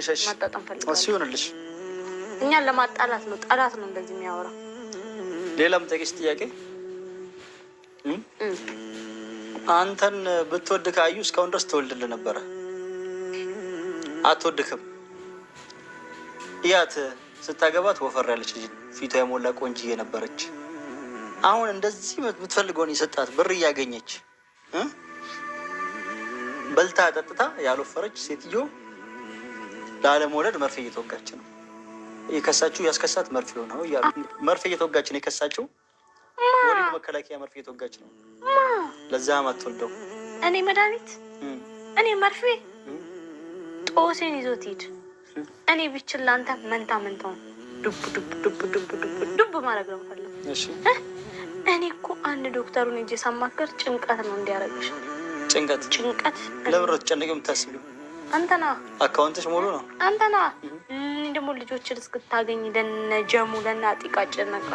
ይሆንልሽ። እሺ እሱ ይሆንልሽ። እኛን ለማጣላት ነው። ጠላት ነው እንደዚህ የሚያወራ። ሌላም ጠቂስ ጥያቄ አንተን ብትወድ ካዩ እስካሁን ድረስ ተወልድል ነበረ። አትወድክም። እያት ስታገባት ወፈር ያለች ልጅ ፊቷ የሞላ ቆንጂ የነበረች አሁን እንደዚህ የምትፈልገውን የሰጣት ብር እያገኘች በልታ ጠጥታ ያልወፈረች ሴትዮ ላለመውለድ መርፌ እየተወጋች ነው የከሳችሁ ያስከሳት መርፌው ነው እያሉ መርፌ እየተወጋች ነው የከሳችሁ ወሊድ መከላከያ መርፌ እየተወጋች ነው። ለዛም አትወልደው። እኔ መድኃኒት እኔ መርፌ ጦሴን ይዞት ሂድ። እኔ ብችል ለአንተ መንታ መንታው ዱብ ዱብ ዱብ ዱብ ዱብ ማድረግ ነው የምፈልገው። እኔ እኮ አንድ ዶክተሩን እጅ ሳማከር ጭንቀት ነው እንዲያረግሽ ጭንቀት ጭንቀት ለብረት ጨነቅ የምታስቢው አንተ ነዋ። አካውንትሽ ሙሉ ነው። አንተ ነዋ። እኔ ደግሞ ልጆችን እስክታገኝ ለነ ጀሙ ለነ አጢቃ ጨነቃ